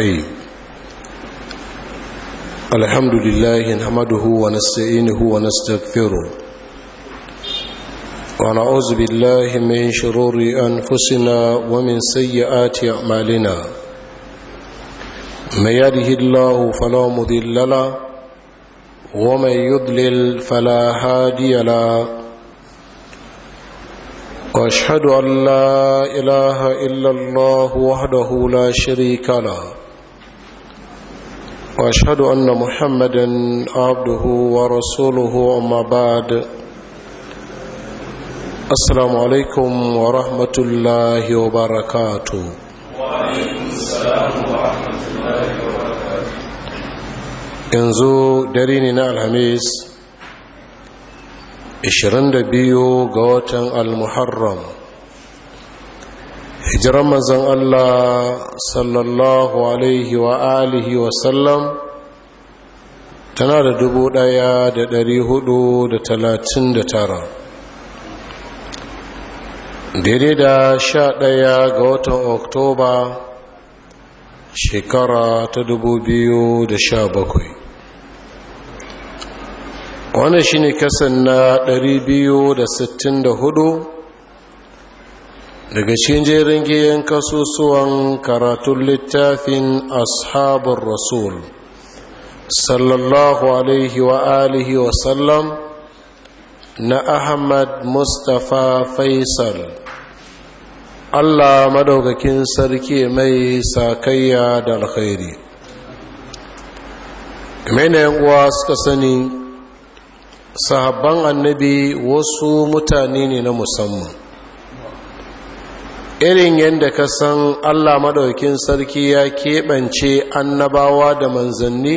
الرحيم الحمد لله نحمده ونستعينه ونستغفره ونعوذ بالله من شرور أنفسنا ومن سيئات أعمالنا من يده الله فلا مضل له ومن يضلل فلا هادي له واشهد ان لا اله الا الله وحده لا شريك له واشهد ان محمدا عبده ورسوله اما بعد السلام عليكم ورحمه الله وبركاته وعليكم السلام ورحمه الله وبركاته yanzu dare ne na alhamis 22 ga watan al-muharram hijiran mazan Allah sallallahu alaihi wa alihi wa sallam tana da dubu ɗaya da dari hudu da talatin da tara daidai da sha ɗaya ga watan oktoba shekara ta dubu biyu da sha bakwai wannan shine kasan na dari biyu da sittin da hudu daga cikin jerin giyan kasusuwan karatun littafin ashabar rasul sallallahu alaihi wa alihi wa sallam na ahmad mustapha faisal allah madaukakin sarki mai sakayya da alkhairi game uwa suka sani sahabban annabi wasu mutane ne na musamman irin yadda ka san allah maɗaukin sarki ya keɓance annabawa da manzanni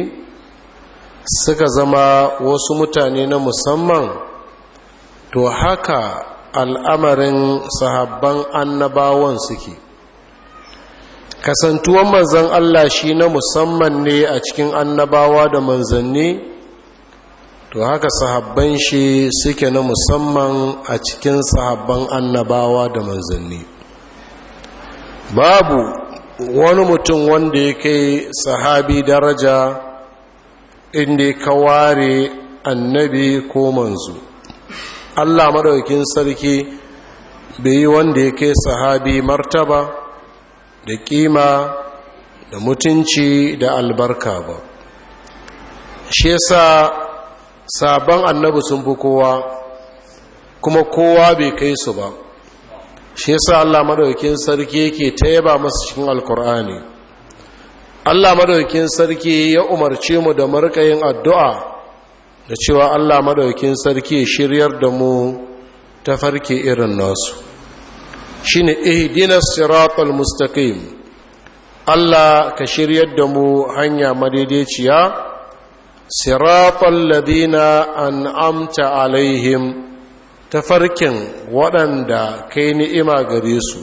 suka zama wasu mutane na musamman to haka al'amarin sahabban annabawan suke kasantuwan manzan allah shi na musamman ne a cikin annabawa da manzanni to haka sahabban shi suke na musamman a cikin sahabban annabawa da manzanni babu wani mutum wanda ya kai sahabi daraja inda ka ware annabi ko manzu, Allah maɗaukin sarki bai yi wanda ya kai sahabi martaba da kima da mutunci da albarka ba shi yasa sabon annabi sun fi kowa kuma kowa bai kai su ba shi yasa Allah madaukakin sarki yake ta yaba masu cikin alkur'ani Allah madaukakin sarki ya umarci mu da markayin addu'a da cewa Allah madaukakin sarki shiryar da mu ta farke irin nasu shine ihdinas siratal mustaqim Allah ka shiryar da mu hanya madaidaiciya siratal ladina an'amta alaihim ta farkin waɗanda kai ni'ima gare su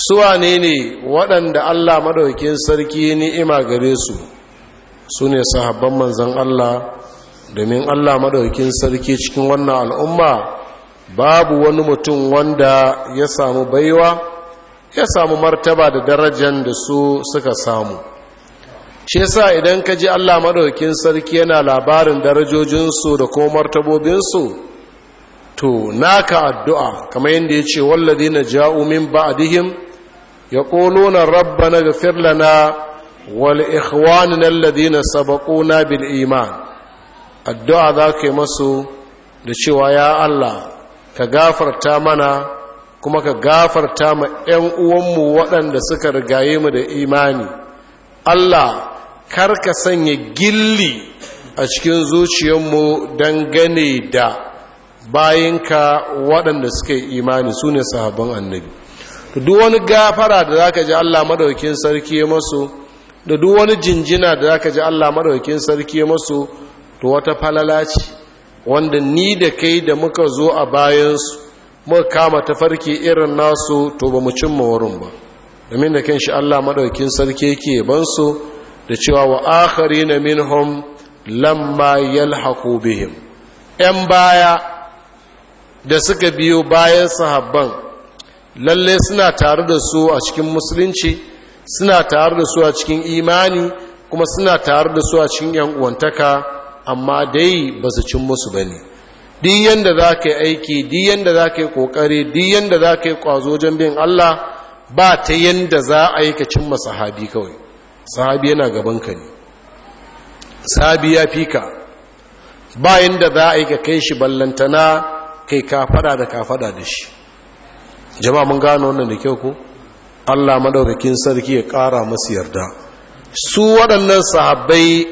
suwa ne ne waɗanda allah maɗaukin sarki ni'ima gare su su ne sahabban manzan allah domin allah maɗaukin sarki cikin wannan al'umma babu wani mutum wanda ya samu baiwa ya samu martaba da darajan da su suka samu shi sa idan ka ji allah maɗaukin sarki yana labarin darajojinsu da kuma martabobinsu to naka addu'a kamar yadda ya ce wallazi na ja'u min ba'adihim, ya ƙolo na rabba na gafir lana wal na lalazi na sabaƙo na bil iman addu'a za ka yi masu da cewa ya Allah ka gafarta mana kuma ka gafarta ma ‘yan uwanmu waɗanda suka rigaye mu da imani Allah kar ka sanya gilli a cikin zuciyarmu don gane da bayinka waɗanda suke imani su ne sahabban annabi duk wani gafara da za ka ji allah maɗaukin sarki ya masu da duk wani jinjina da za ka ji allah maɗaukin sarki ya masu to wata falala ce wanda ni da kai da muka zo a bayansu muka kama ta tafarki irin nasu to ba mu cimma wurin ba domin da kanshi allah maɗaukin sarki ke bansu da cewa wa akhari na minhum lamma yalhaqu bihim ‘yan baya da suka biyo bayan sahabban lalle suna tare da su a cikin musulunci suna tare da su a cikin imani kuma suna tare da su a cikin yankuwantaka amma dai ba su cin musu ba ne Diyan da za ka yi aiki diyan da za ka yi kokare duk yanda za ka yi ƙwazo wajen bin allah ba ta yadda za a yi ka cimma sahabi kawai sahabi yana gaban ka ne sahabi ya fi ka ba yadda za a yi ka kai shi ballantana kai ka fada da ka fada da shi jama'a mun gano wannan da kyau ko Allah madaukakin sarki ya ƙara masa yarda su waɗannan sahabbai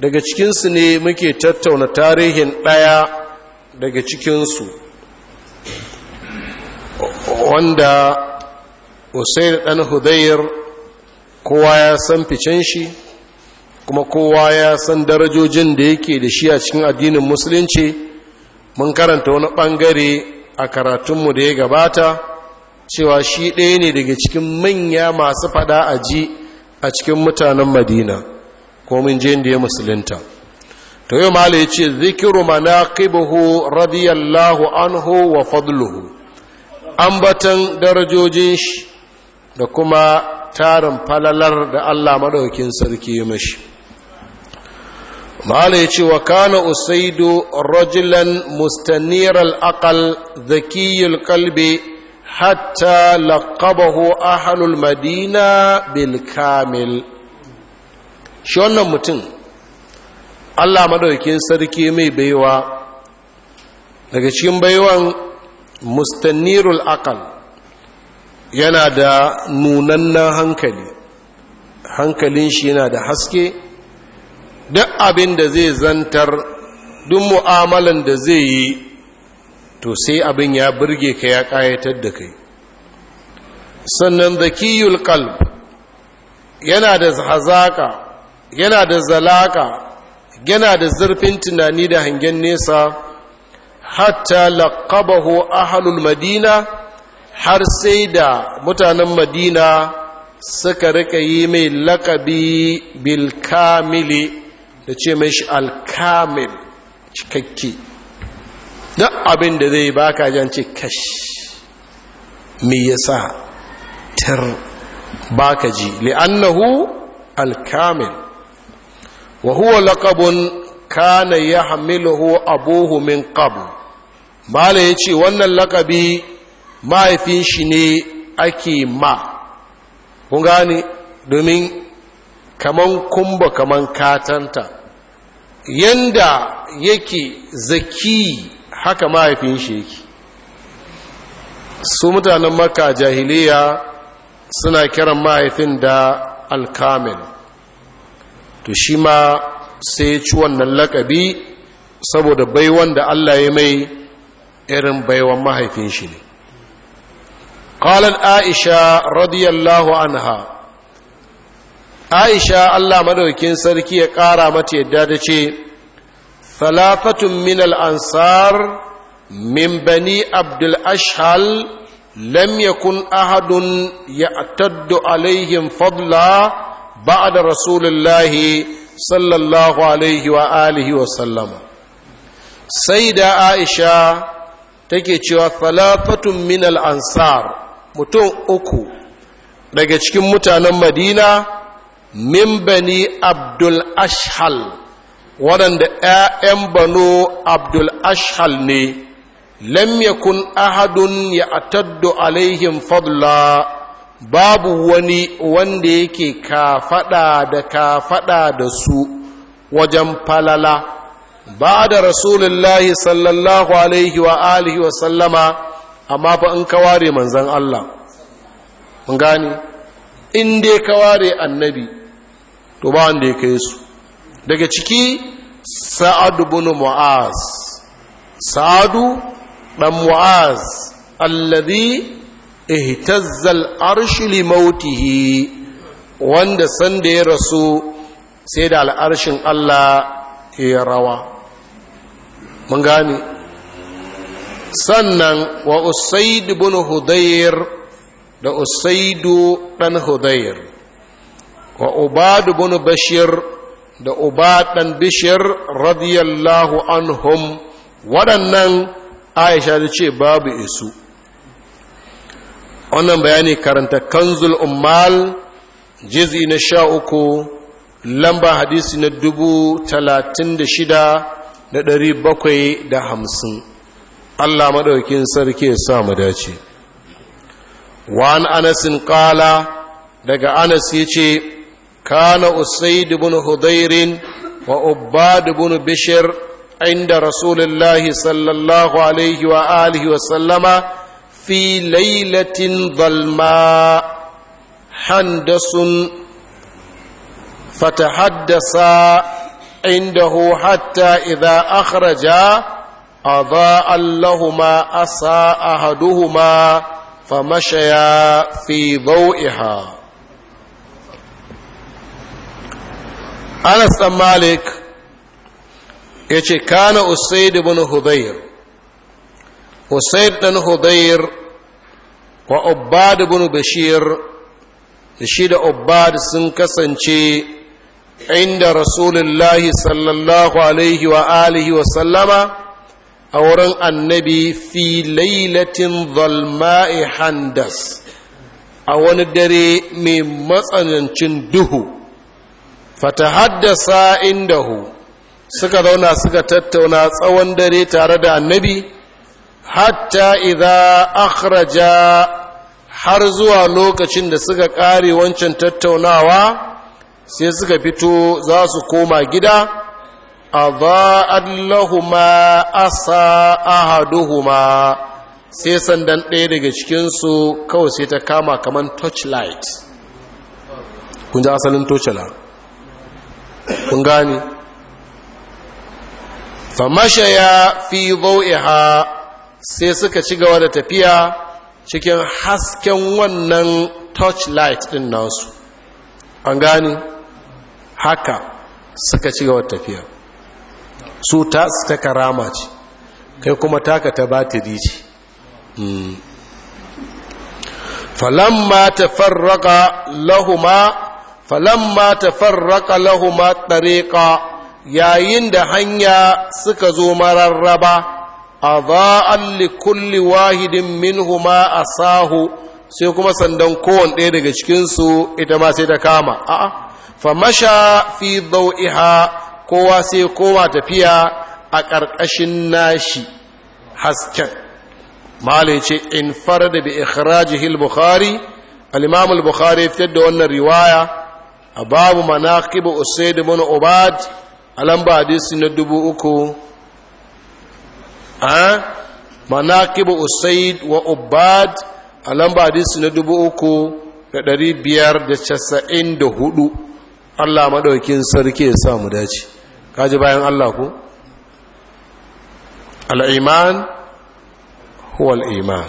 daga cikinsu ne muke tattauna tarihin ɗaya daga cikinsu wanda usain ɗan hudayyar kowa ya san ficen shi kuma kowa ya san darajojin da yake da shi a cikin addinin musulunci mun karanta wani ɓangare a karatunmu da ya gabata cewa shi ɗaya ne daga cikin manya masu faɗa a ji a cikin mutanen madina ko mun je da ya musulunta to yau mala ya ce zikiru kibuhu radiyallahu anhu wa fadluhu ambatan darajojin shi da kuma tarin falalar da Allah maɗaukin sarki ya mashi mala ya ce wa kana usaidu rajulan mustanir al'aqal zakiyul kalbe hatta laqabahu ahlul madina bil kamil shi wannan mutum allah madaukin sarki mai baiwa daga cikin baiwan mustanirul akal yana da nunannen hankali hankalin shi yana da haske duk abin da zai zantar duk mu'amalan da zai yi to sai abin ya burge ka ya ƙayatar da kai sannan zakiyul qalb yana da hazaka yana da zalaka yana da zurfin tunani da hangen nesa hatta laqabahu ahlul madina har sai da mutanen madina suka rika yi mai laƙabi bil kamili da ce mai shi alkamil cikakke duk abin da zai baka jan ce kash me yasa tar baka ji li'annahu alkamil wa huwa laqabun kana yahmiluhu abuhu min qabl mala ce wannan laƙabi mahaifin shi ne ake ma kun domin kaman kumba kaman katanta yanda yake zaki haka mahaifin shi yake su mutanen maka jahiliya suna kiran mahaifin da alkamin to shi ma sai ya ci wannan lakabi saboda baiwan da allah ya mai irin baiwan mahaifin shi ne ƙalar aisha radiyallahu anha. aisha allah madaukin sarki ya ƙara mata yadda da ce salafatun min al'ansar min bani abdul ashal lam yakun ahadun ya taddo alaihim fadla da rasulullahi sallallahu alaihi wa alihi wa sallama sai da aisha take cewa salafatun min al'ansar mutum uku daga cikin mutanen madina min bani abdul ashal waɗanda ‘ya'yan bano abdul ashal ne lam yakun ahadun ya ataddu alaihim fadla babu wani wanda yake ka kafaɗa da ka kafaɗa da su wajen falala ba da rasulullahi sallallahu alaihi wa alihi wa sallama amma fa in ka ware manzan Allah mun gani in dai ka ware annabi to ba wanda ya kai su daga ciki sa'adu bin mu'az sa'adu dan mu'az alladhi ihtazza al-arsh li mautihi wanda sanda ya rasu sai da al'arshin Allah ya rawa mun gane sannan wa usaid bin hudayr da usaidu dan hudayr wa ubadu bin bashir da ubadan bishir radiyallahu anhum waɗannan aisha ta ce babu isu wannan bayani karanta kanzul ummal jizi na sha uku lamba hadisi na dubu talatin da shida da ɗari bakwai da hamsin allah maɗaukin sarki ya sa mu dace an anasin ƙala daga anas ya ce kana usaid ibn hudairin wa ubad ibn bishr inda rasulullahi sallallahu alaihi wa alihi wa sallama fi lailatin zalma handasun fatahaddasa عنده حتى إذا أخرج أضاء لهما أسى أحدهما فمشيا في ضوئها anas dan malik ya ce kana usaid ibn hudayr usaid dan hudayr wa ubbad ibn bashir da shi da sun kasance inda rasulullahi sallallahu alaihi wa alihi wa sallama a wurin annabi fi lailatin zalma'i handas a wani dare mai matsanancin duhu haddasa indahu suka zauna suka tattauna tsawon dare tare da annabi hatta idza akhraja har zuwa lokacin da suka kare wancan tattaunawa sai suka fito za su koma gida a ma asa ahaduhuma sai sandan ɗaya daga cikinsu kawai sai ta kama kamar torchlight kun ji asalin torchlight kun gane ya fi zau'iha sai suka ci gaba da tafiya cikin hasken wannan light din nasu an gani haka suka ci gaba da tafiya su ta suka karama ce kai kuma taka ta batiri ce hmm. falamma tafarraqa lahuma falamma tafarraqa lahuma tariqa yayin da hanya suka zo mararraba adha'an li kulli wahidin minhuma asahu sai kuma sandan kowanne ɗaya daga cikinsu ita ma sai ta kama a'a fa masha fi dawiha kowa sai kowa tafiya a ƙarƙashin nashi hasken malai ce in fara da bi ikhrajihil bukhari al-imam al-bukhari fitar da wannan riwaya a babu manakibo o seede mono obad alambadi sinno dubu uku a manakibo o seyd wa obad alambadi sinno dubu uku e ɗari biyar de casa'in de huɗu allah maɗaukin sarki e samu daci kaji bayan allah ku aliman huwa aliman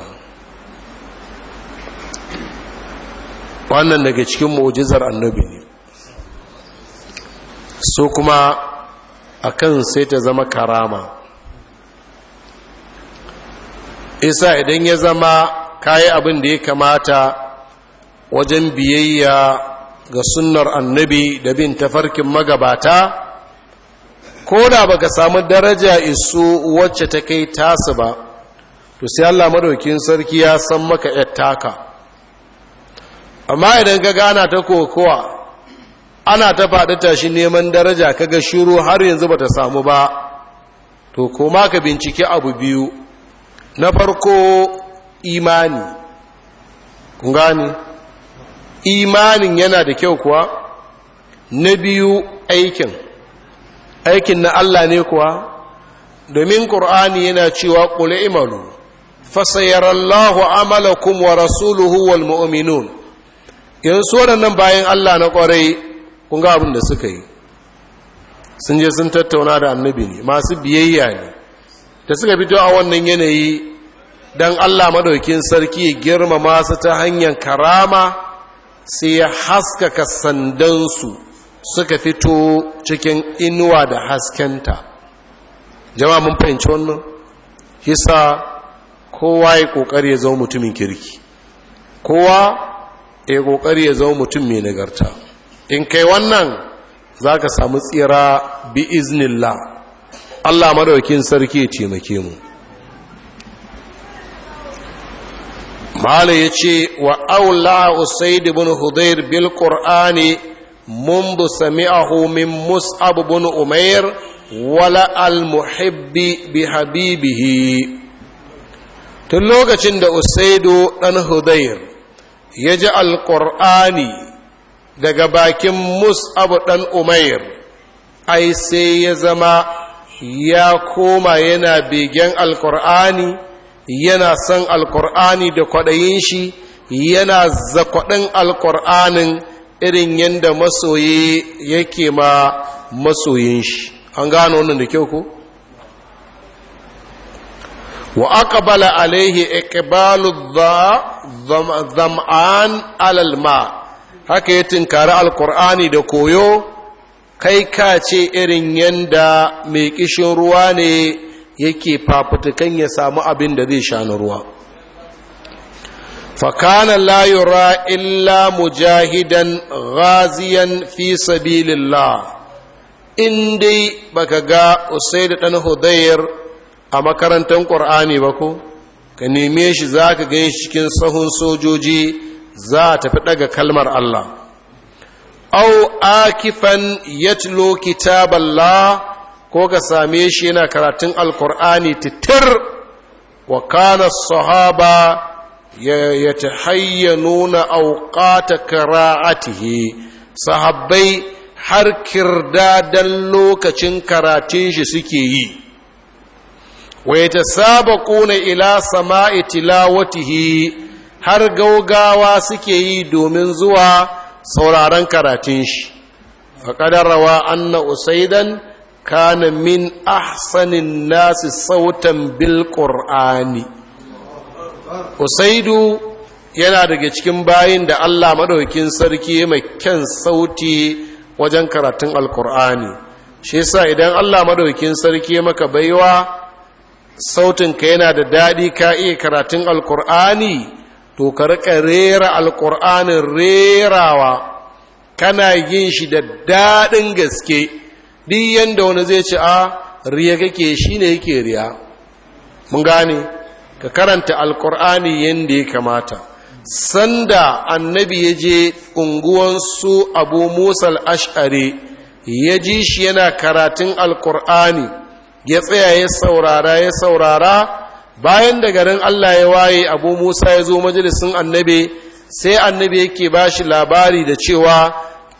wannan daga cikin mu'jizar annabi ne so kuma a kan sai ta zama karama isa idan ya zama kayi abin da ya kamata wajen biyayya ga sunnar annabi da bin tafarkin magabata ko da baka samu daraja isu wacce ta kai tasu ba to sai Allah madaukin sarki ya san maka yattaka amma idan ka gana ta kokowa ana ta faɗi tashi neman daraja kaga shiru har yanzu bata samu ba to koma ka binciki abu biyu na farko imani kun gane imanin yana da kyau kuwa na biyu aikin aikin na Allah ne kuwa domin ƙur'ani yana cewa ƙule imalu fasayarallahu amalakum wa rasuluhu wal mu'minun yanzu waɗannan bayan Allah na ƙwarai kun ga abin da suka yi sun je sun tattauna da annabi ne masu biyayya ne da suka fito a wannan yanayi don allah maɗaukin sarki girmama su ta hanyar karama sai ya haskaka sandansu suka fito cikin inuwa da haskenta jama'a mun fahimci wannan hisa kowa ya kokari ya zama mutumin kirki kowa ya kokari ya zama mutum mai nagarta in kai wannan za ka samu tsira bi iznillah Allah madaukin sarki ya taimake mu mala ya ce wa aula usaid ibn hudair bil qur'ani min mus'ab Umair umair wala al-muhibbi bi Habibihi. tun lokacin da usaidu ɗan hudair ya ji Al-Qur'ani. daga bakin mus'abu ɗan umair ai sai ya zama ya koma yana begen alkur'ani yana son alkur'ani da kwaɗayin shi yana zakwaɗin alkur'anin irin yadda masoyi yake ma masoyin shi an gano wannan da kyau ko? wa aka bala alaihi ikibalu zama'an alal ma' haka ya tunkari alkur'ani da koyo kai ka ce irin yanda mai kishin ruwa ne yake fafutukan ya samu abin da zai sha na ruwa fakana layura illa mujahidan ghaziyan fi sabilillah in dai baka ga usai da ɗan hudayar a makarantar ƙur'ani ba ko ka neme shi za ka gan cikin sahun sojoji za a tafi daga kalmar Allah au akifan yatlo kitaballah ko ka same shi yana karatun alkur'ani titir wa kana sahaba ya ta tahayyanuna auqata qira'atihi sahabbai har kirdadan lokacin karatun shi suke yi wa yatasabaquna ila sama'i tilawatihi har gaugawa suke yi domin zuwa sauraron karatun shi faƙadar rawa anna usaidan kana min ahsanin nasi sautan bil ƙur'ani usaidu yana daga cikin bayin da allah maɗaukin sarki mai kyan sauti wajen karatun alƙur'ani shi sa idan allah maɗaukin sarki maka baiwa sautinka yana da daɗi ka iya karatun alƙur'ani to ka rika rera alƙur'anin rerawa kana yin shi da daɗin gaske duk yadda wani zai ci a riya kake shi ne yake riya mun gane ka karanta alƙur'ani yadda ya kamata sanda annabi ya je unguwansu su abu musal ash'ari ya ji shi yana karatun alƙur'ani ya tsaya ya saurara ya saurara bayan da garin Allah ya waye abu Musa ya zo majalisun annabi sai annabi yake ba shi labari da cewa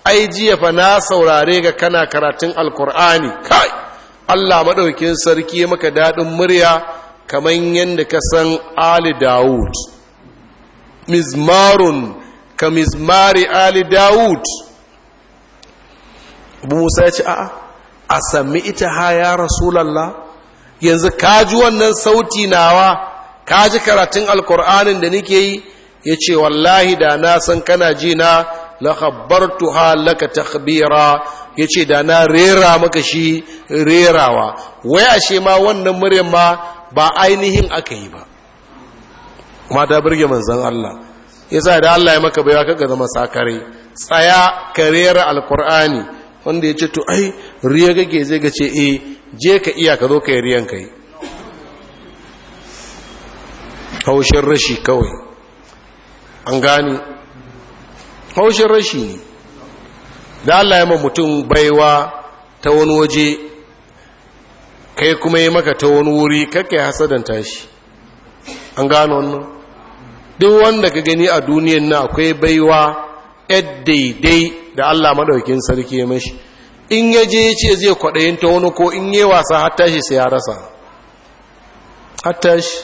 ai jiya fa na saurare ga kana karatun alkur'ani kai Allah maɗaukin sarki ya maka daɗin murya kamar yadda ka san Ali Dawud mizmarun ka mizmari Ali Dawud Musa ya ce a'a a sami ita ha ya Rasulallah yanzu kaji wannan sauti nawa kaji karatun alkur'anin da nake yi ya ce wallahi da na san kana ji na lakabbartuha laka takbira ya ce da na rera maka shi rerawa wai ashe ma wannan muryar ma ba ainihin aka yi ba mata ta birge manzan Allah ya sa da Allah ya maka baiwa kaga zama sakare tsaya ka rera alkur'ani wanda ya ce to ai riya kake zai ga ce eh je ka iya ka zo ka yi riyan ka yi haushin rashi kawai an gani haushin rashi ne da Allah ya ma mutum baiwa ta wani waje kai kuma yi maka ta wani wuri kake hasadanta shi an gano wannan duk wanda ka gani a duniyan na akwai baiwa ɗaiɗai daidai da Allah maɗaukin sarki ya mashi in ya je ce zai kwaɗayin ta wani ko in yi wasa hatta shi sai ya rasa hatta shi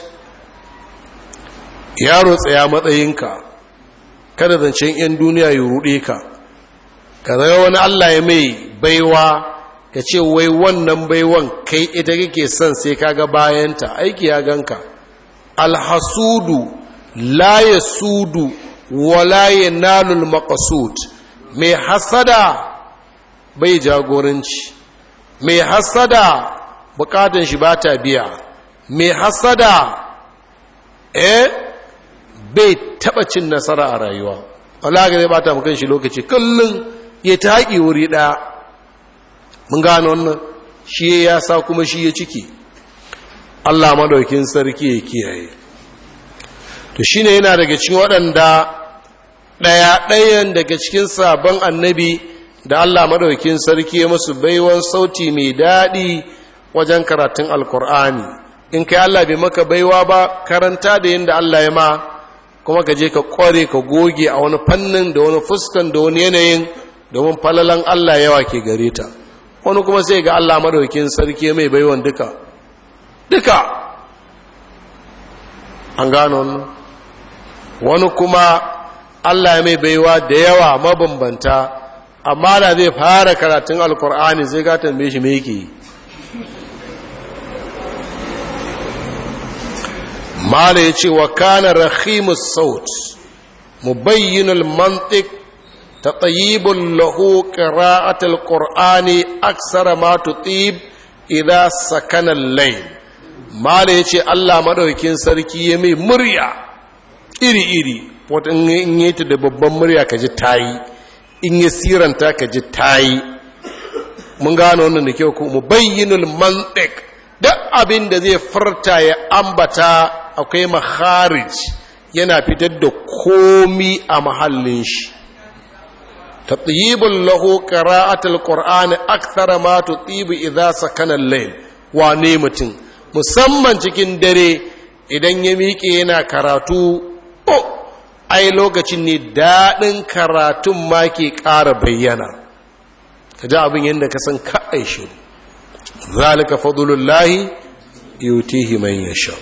yaro tsaya matsayinka kada zancen 'yan duniya ya ruɗe ka ka zaga wani allah ya mai baiwa ka ce wai wannan baiwan kai ita kake son sai kaga bayanta aiki ya ganka alhasudu sudu wa laye yanalul maqsud mai hasada bai jagoranci mai hasada bukatun shi ba ta biya mai hasada eh bai taba cin nasara a rayuwa wala ga zai bata kan shi lokaci kullum ya ta wuri ɗaya mun gano wannan shi ya sa kuma shi ya ciki Allah madaukin sarki ya kiyaye to shine yana daga cikin waɗanda ɗaya ɗayan daga cikin sabon annabi da Allah madaukin sarki ya musu baiwan sauti mai daɗi wajen karatun alkur'ani in kai Allah bai maka baiwa ba karanta da da Allah ya ma kuma ka je ka kware ka goge a wani fannin da wani fuskan da wani yanayin domin falalan Allah yawa ke gare ta wani kuma sai ga Allah madaukin sarki mai baiwan duka duka an gano wani kuma Allah ya mai baiwa da yawa mabambanta amma da zai fara karatun alkur'ani zai ga tambaye shi mai yake mala ce wa kana rahimus saut mubayyinul ta tatyibul lahu qira'atul qur'ani aksara ma tutib idan sakanan al mala ya ce, Allah maɗaukin sarki ya mai murya iri iri wata in yi ta da babban murya ka kaji tayi in ya siranta ka ji tayi mun gano wannan da kyau ko mu bayyinul mantiq duk abin da zai farta ya ambata akwai maharij yana fitar da komi a mahallin shi tatyibul lahu qira'atul qur'ani akthara ma tutibu idza sakana al-layl ne mutum musamman cikin dare idan ya miƙe yana karatu oh ai lokacin ne daɗin karatun ma ke ƙara bayyana ka ji abin yadda ka san ka'ai shi zalika fadulullahi yutihi man yasha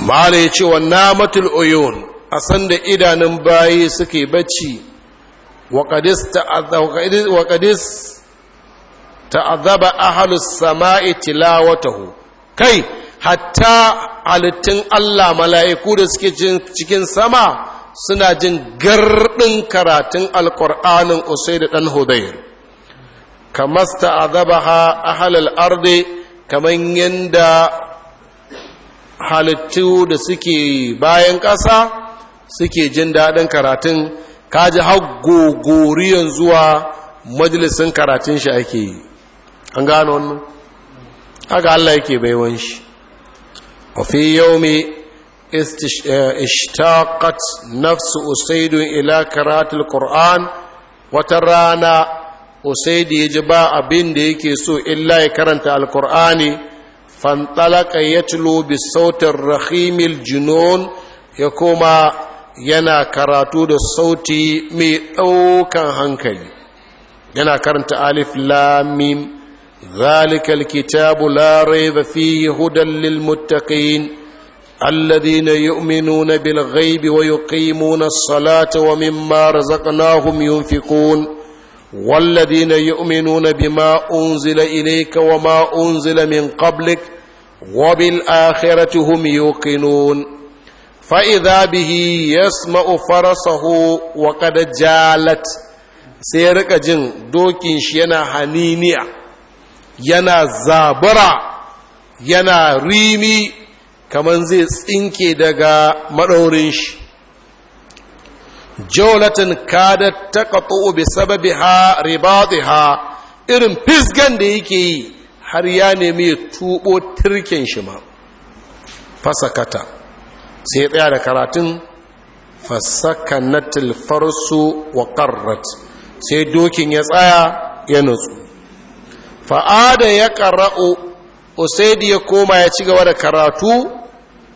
mala ya ce wa namatul uyun a sanda idanun bayi suke bacci wa kadis ta'azaba ahalus sama'i tilawatahu kai hatta halittun Allah mala'iku da suke cikin sama suna jin garɗin karatun alƙur'anin usai da ɗan hudayr kamar ta azaba ha a halal arde kamar yadda halittu da suke bayan ƙasa suke jin daɗin karatun kaji haggogoriyan zuwa majalisun karatun shi ake yi an gano wannan haka Allah yake baiwan shi وفي يوم اشتاقت نفس أسيد إلى قراءة القرآن وترانا أسيد يجبا أبين ديكي سو إلا يكرنت القرآن فانطلق يتلو بالصوت الرخيم الجنون يقوم yana karatu da sauti mai ɗaukan hankali yana karanta alif lamim ذلك الكتاب لا ريب فيه هدى للمتقين الذين يؤمنون بالغيب ويقيمون الصلاة ومما رزقناهم ينفقون والذين يؤمنون بما أنزل إليك وما أنزل من قبلك وبالآخرة هم يوقنون فإذا به يسمع فرسه وقد جالت سيرك جن دوكين شينا حنينيا yana zabura yana rimi kamar zai tsinke daga maɗaurin shi jaulatin kada ta kato bi sababi ha ribadi ha irin fisgan da yake yi har ya nemi tubo turken shi ma fasakata sai ya tsaya da karatun fasakanatil farsu wa karrat sai dokin ya tsaya ya nutsu fa'ada ya ƙara'o usaidi ya koma ya ci gaba da karatu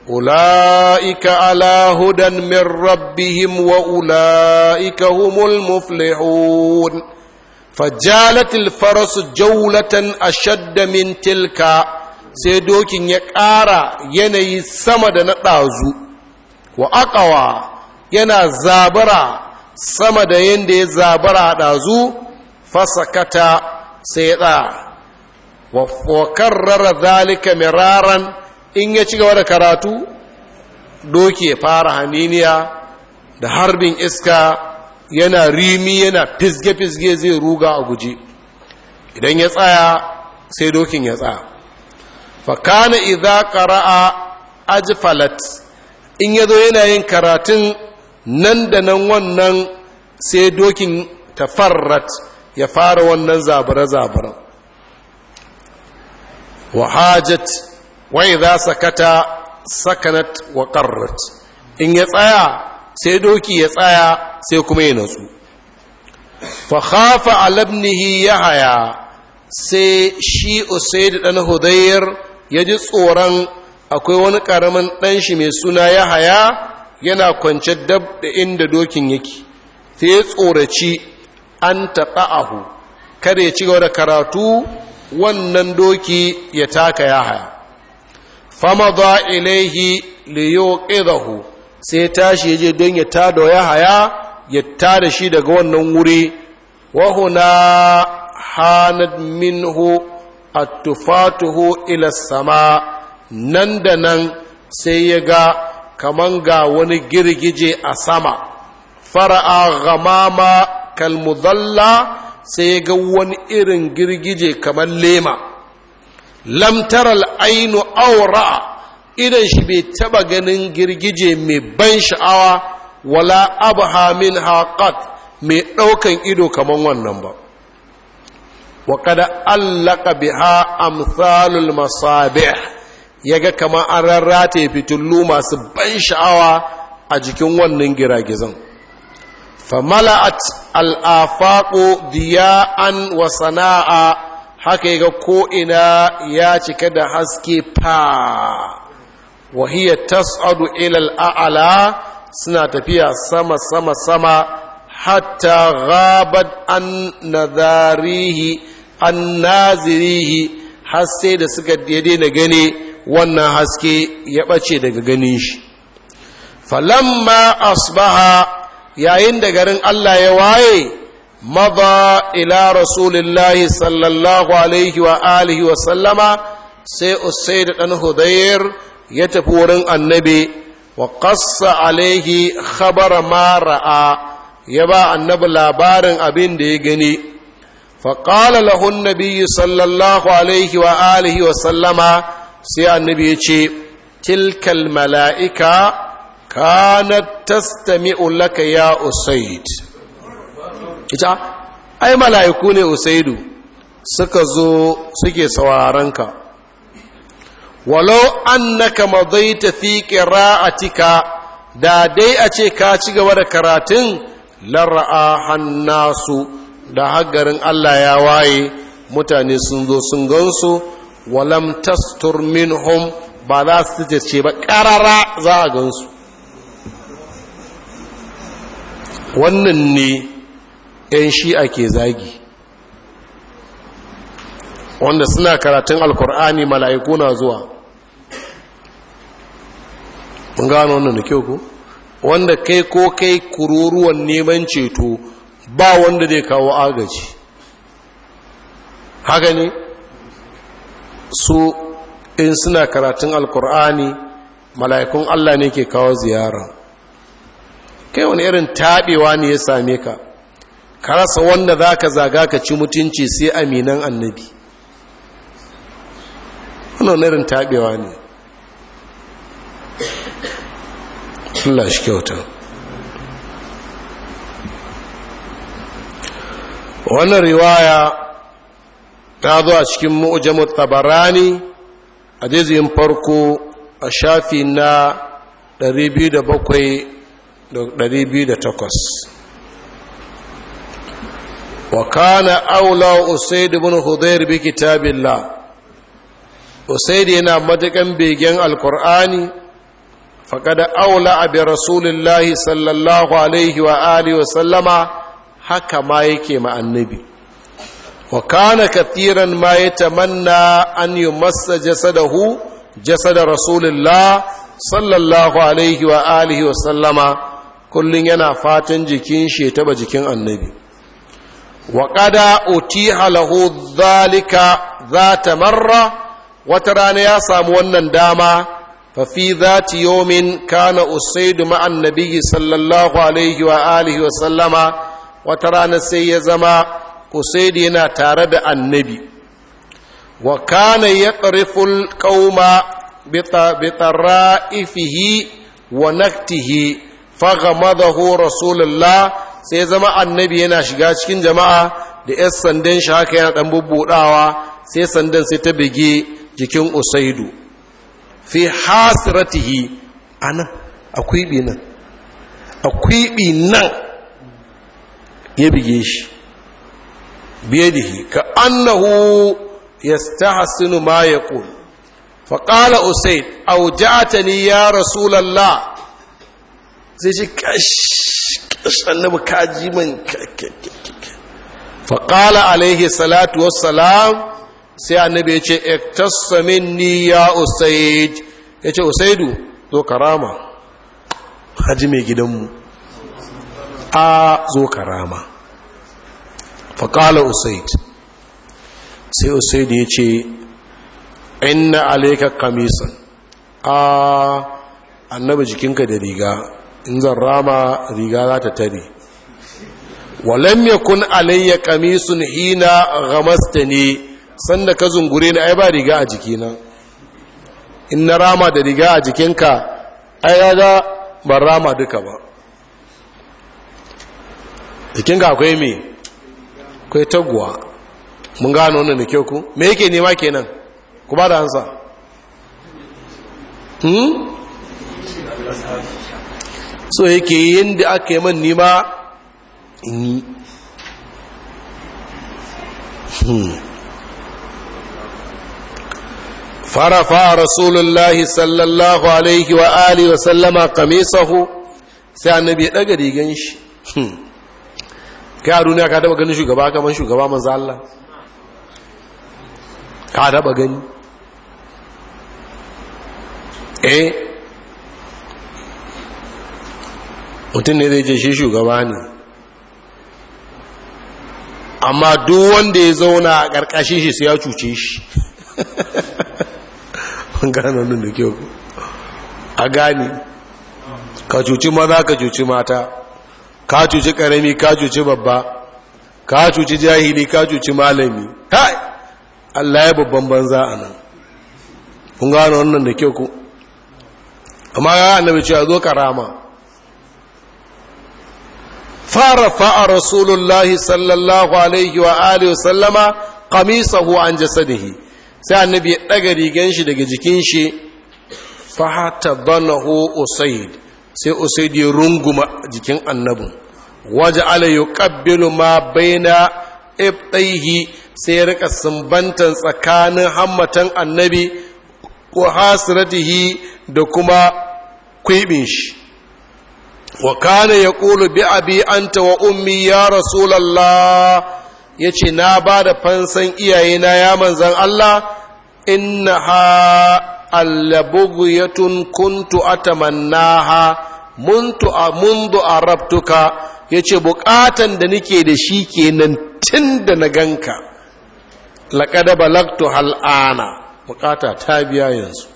ula'ika ala hudan min rabbihim wa ula'ika humul muflihun fajalatil farasu jaulatan ashadda min tilka sai dokin ya ƙara yanayi sama da na ɗazu wa aƙawa yana zabara sama da yanda ya zabara a ɗazu fasakata sai ya tsaya wa karrara zalika miraran in ya ci gaba da karatu doki ya fara haniniya da harbin iska yana rimi yana fisge-fisge zai ruga a guji idan ya tsaya sai dokin ya tsaya fakana idza qara'a ajifalat in yazo yana yin karatun nan da nan wannan sai dokin tafarrat ya fara wannan zabare-zabaren wa wai za sakata sakanat wa ƙarrat in ya tsaya sai doki ya tsaya sai kuma ya natsu fa khafa ya haya sai shi usaid ɗan hudayr ya ji tsoron akwai wani ƙaramin dan shi mai suna yahaya yana kwance dab da inda dokin yake sai ya tsoraci an taɗa'ahu kada ya ci gaba da karatu wannan doki ya taka ya haya fama za ilaihi liyo sai tashi ya je don ya tada ya haya ya tada shi daga wannan wuri wahuna hanad minhu tufatu ila sama nan da nan sai ya ga kaman ga wani girgije a sama fara a ghamama kalmudalla sai ga wani irin girgije kamar lema lamtaral ainu aura idan shi bai taba ganin girgije mai ban sha'awa wala abha min haqat mai ɗaukan ido kamar wannan ba wa kada allaka biha amsalul masabih yaga kamar an rarrata fitullu masu ban sha'awa a jikin wannan giragizan famala'at al'afaƙo diya'an wa sana'a haka yaga ko'ina ya cika da haske fa wahiyar tas'adu ilal a'ala suna tafiya sama sama sama hatta ghabat an an nazirihi har sai da suka daidai na gane wannan haske ya ɓace daga ganin shi falamma asbaha yayin da garin Allah ya waye maza ila rasulillahi sallallahu alaihi wa alihi wa sallama sai usaid ɗan hudayr ya tafi wurin annabi wa qassa alaihi khabara ma ra'a ya ba annabi labarin abin da ya gani فقال له النبي صلى الله عليه وآله وسلم سي النبي ce تلك الملائكة kanat tastami'u laka ya usaid ita ah, ai mala'iku ne usaidu suka zo suke sawaranka walau annaka madaita fi qira'atika da dai a ce ka ci gaba da karatun lara'a hannasu da haggarin Allah ya waye mutane sun zo sun gansu walam tastur minhum ba za su ce ba ƙarara za a gansu wannan ne 'yan shi'a ke zagi wanda suna karatun alkur'ani mala'iku na zuwa mun gano wannan da kyau ko wanda kai ko kai kururuwan neman ceto ba wanda zai kawo agaji haka ne su in suna karatun alkur'ani mala'ikun allah ne ke kawo ziyara kai wani irin taɓewa ne ya same ka karasa wanda za ka zaga ka ci mutunci sai aminan annabi wani irin taɓewa ne Allah shi kyauta wannan riwaya ta zo a cikin mu'ujamu tabarani a jiziyin farko a shafi na 207 208 wa kana aula usaid ibn hudayr bi kitabillah usaid yana matakan begen alqur'ani faqad aula bi rasulillah sallallahu alaihi wa alihi wa sallama haka ma yake ma annabi wa kana kathiran ma yatamanna an yumassa jasadahu jasad rasulillah sallallahu alaihi wa alihi wa sallama kullum yana fatan jikin shetaba ya jikin annabi wa qada utiha lahu za zata marra wata rana ya samu wannan dama fa fi zati yawmin kana Usaidu ma annabi sallallahu alaihi wa alihi wa sallama wata rana sai ya zama Usaidu yana tare da annabi wa kana yaqrifu alqauma bi tara'ifihi wa naktihi fagamadahu rasulullah sai zama annabi yana shiga cikin jama'a da yan sandan shi haka yana dan bubbudawa sai sandan sai ta bige jikin usaidu fi hasratihi ana akwai bi nan akwai bi nan ya bige shi biyadihi ka annahu yastahsinu ma yaqul فقال usaid أوجعتني يا ya الله sai ce kashi annabi kaji man faƙala alaihi salatu wassalam sai annabi ya ce ektasamin ni ya usaid ya ce usaidu zo karama haji mai gidanmu a zo karama faƙala usaid sai usaidu ya ce inna alaika kamisan a annabi jikinka da riga in zan rama riga za ta tare walam yakun alayya qamisun hina ghamastani sanda ka zungure ni ai ba riga a jikina in na rama da riga a jikinka ai ga ban rama duka ba jikinka akwai me akwai taguwa mun gano wannan da kyau ku me yake nema kenan ku ba da ansa? hmm so yake yin da aka yi man nima in yi فرفع hmm. sallallahu alaihi wa الله wa sallama وسلم sai annabi ya daga rigan shi hmm. kai a duniya ka taba ganin shugaba kaman shugaba manzo Allah ka taba gani eh mutum ne zai je shi shugaba ne amma duk wanda ya zauna a ƙarƙashin shi sai ya cuce shi an gano nan da kyau a gane ka cuci maza ka cuci mata ka cuci ƙarami ka cuci babba ka cuci jahili ka cuci malami hai allah ya babban banza a nan kun gano wannan da kyau ku amma ya annabi cewa zo karama fara fa'a rasulullahi sallallahu alaihi wa alihi sallama qamisahu an jasadihi sai annabi ya ɗaga rigan shi daga jikin shi fahata banahu usaid sai usaid ya runguma jikin annabin waje ala yuqabbilu ma baina ibtaihi sai ya rika sumbantan tsakanin hammatan annabi wa hasratihi da kuma kwebin shi Wakana ya ƙula bi a abi anta wa ummi ya rasulallah ya ce na ba da fansan iyayena ya manzan Allah In na ha allabuguyatun kuntu atamannaha muntu a mundu a rabtuka ya ce bukatan da nake da shi kenan tun da na ganka laƙada balagtu hal'ana bukata ta biya yanzu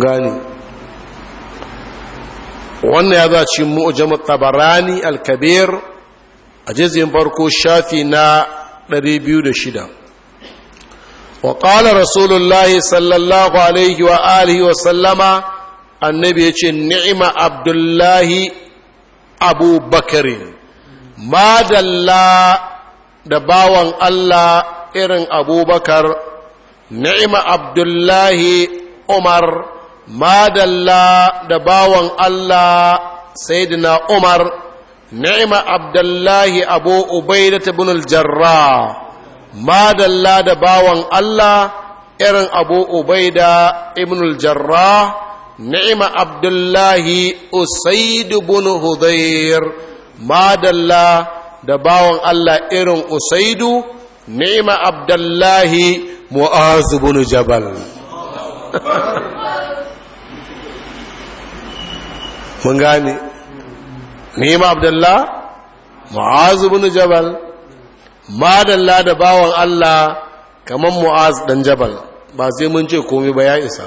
gani wannan ya zaci ci mu'jam tabarani al-kabir a jizyin farko shafi na 206 wa qala rasulullahi sallallahu alaihi wa alihi wa sallama annabi yace ni'ima abdullahi abu madalla da bawan Allah irin abubakar ni'ima abdullahi umar madalla da bawan Allah sayyidina Umar ni'ma Abdullahi Abu Ubaidah ibn al-Jarrah madalla da bawan Allah irin Abu Ubaida ibn al-Jarrah ni'ma Abdullahi Usayd ibn Hudayr madalla da bawan Allah irin Usaidu ni'ma Abdullahi Mu'az ibn Jabal mun gane ma abdullah mu'azu ibn jabal madalla da bawan allah kamar mu'az dan jabal ba sai mun ce komai ba ya isa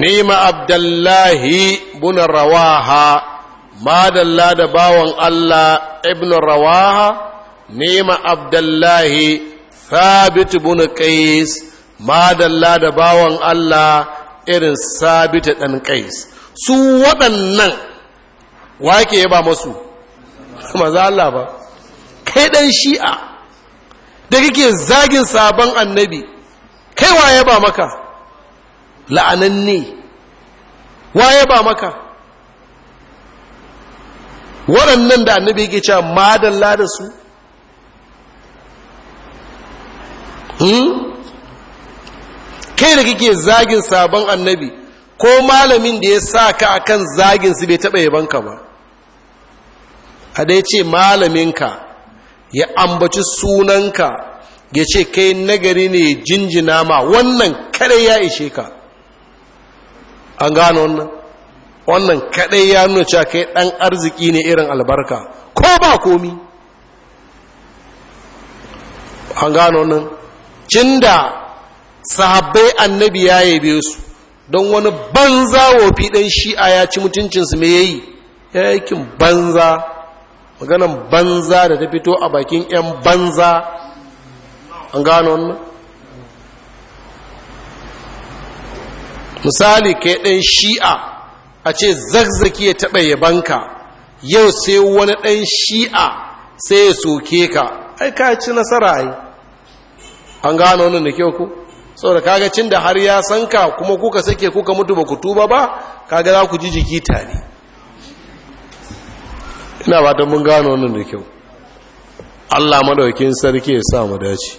nema abdullahi ibn rawaha madalla da bawan allah ibn rawaha nema abdullahi sabit bin qais madalla da bawan allah irin sabita dan qais su waɗannan wa yake yaba masu maza Allah ba kai ɗan shi'a da kake zagin sabon annabi kai wa yaba maka ne wa yaba maka waɗannan da annabi yake cewa madalla da su hmm? kai da kake zagin sabon annabi ko malamin da ya sa ka akan zagin su bai taɓa ka ba a dai ce malaminka ya ambaci sunanka ya ce kai nagari ne jinjina ma wannan kadai ya ishe ka an gano wannan wannan kadai ya nuna cewa kai ɗan arziki ne irin albarka ko ba komi an gano wannan cinda sahabbai annabi ya biyu su don wani banza wofi ɗan shi'a ya ci mutuncinsu mai yayi kin banza maganan banza da ta fito a bakin 'yan banza an gano wannan misali ka yi ɗan shi'a a ce zagzaki ya taɓa banka yau sai wani ɗan shi'a sai ya soke ka ai ci nasara ai an gano wannan da kyau ku saboda kaga cin da har ya san ka kuma kuka sake kuka mutu ba ku tuba ba kaga za ku ji jiki tare ina ba mun gano wannan da kyau Allah madaukin sarki ya sa mu dace